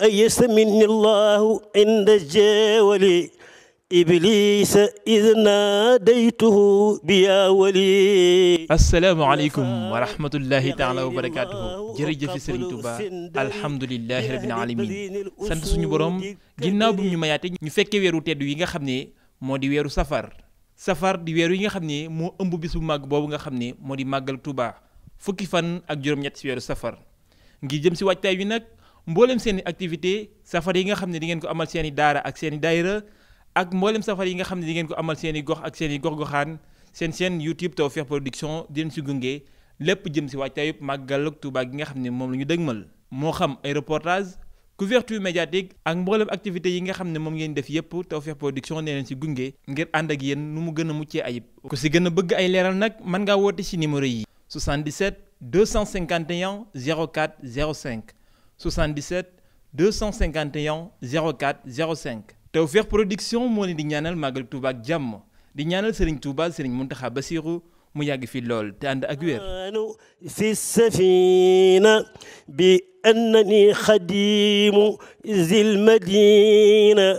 أيس مني الله عند الجاول إبليس إذ ناديته بيا ولي asalaamaaleykum wa rahmatullahi taala wa barakaatuhu jërëjëf Serigne Touba alhamdulilahi rabbil alamin sant suñu borom ginnaaw bu ñu mayaate ñu fekkee weeru tedd yi nga xam ne moo di weeru safar safar di weeru yi nga xam ne moo ëmb bis bu màgg boobu nga xam ne moo di màggal tubaa fukki fan ak juróom-ñett si weeru safar ngir jëm si waajtaay wi nag mboolem seen i activité safar yi nga xam ne di ngeen ko amal seeni i daara ak seen dayra ak mboolem safar yi nga xam ne di ngeen ko amal seeni gox ak seen i gox-goxaan seen seen YouTube Tawfekh Production di leen si gunge lépp jëm si waajtaayub màggal ak Tuubaa gi nga xam ne moom la ñu dëgmal moo xam ay reportage couverture médiatique ak mboolem activité yi nga xam ne moom ngeen def yépp Tawfekh Production nee si gunge ngir ànd ak yéen nu mu gën a muccee ayib ku si gën a bëgg ay leeral nag mën ngaa woote si numéro yi 77 251 04 05 77 251 04 05 Tawfekh Production moo leen di ñaanal màggal Touba ak jàmm di ñaanal Serigne Touba Serigne a Bassirou mu yàgg fi lool te ànd ak wér fi safina bi annani xadimu zil madina